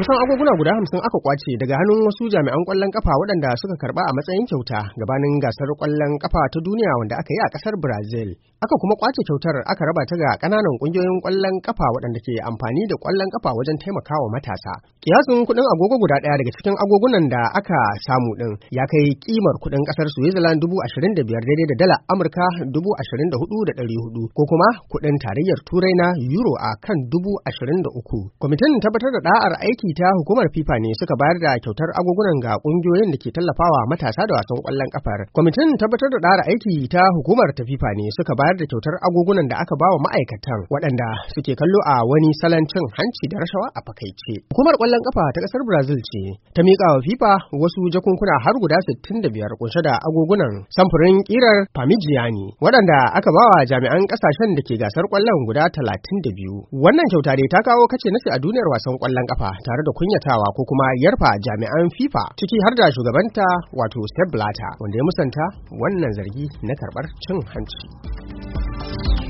Kusan agoguna guda hamsin aka kwace daga hannun wasu jami'an kwallon kafa waɗanda suka karba a matsayin kyauta gabanin gasar kwallon kafa ta duniya wanda aka yi a ƙasar Brazil. Aka kuma kwace kyautar aka raba ta ga ƙananan ƙungiyoyin kwallon kafa waɗanda ke amfani da kwallon kafa wajen taimakawa matasa. Kiyasin kuɗin agogo guda ɗaya daga cikin agogunan da aka samu ɗin ya kai kimar kuɗin ƙasar Switzerland dubu ashirin da biyar daidai da dala Amurka dubu ashirin da hudu da ɗari hudu ko kuma kuɗin tarayyar Turai na Euro a kan dubu ashirin da uku. Kwamitin tabbatar da ɗa'ar aiki ita hukumar FIFA ne suka bayar da kyautar agogunan ga kungiyoyin da ke tallafawa matasa da wasan kwallon kafar. Kwamitin tabbatar da ɗara aiki ta hukumar ta FIFA ne suka bayar da kyautar agogunan da aka bawa ma'aikatan waɗanda suke kallo a wani salon cin hanci da rashawa a fakaice. Hukumar kwallon kafa ta ƙasar Brazil ce ta miƙa wa FIFA wasu jakunkuna har guda biyar kunshe da agogunan samfurin kirar Famigiani waɗanda aka bawa jami'an ƙasashen da ke gasar kwallon guda talatin da biyu. Wannan kyauta ne ta kawo kace nace a duniyar wasan kwallon kafa tare tare da kunyatawa ko kuma yarfa jami'an FIFA ciki har da shugabanta wato Sepp Blatter wanda ya musanta wannan zargi na karɓar cin hanci.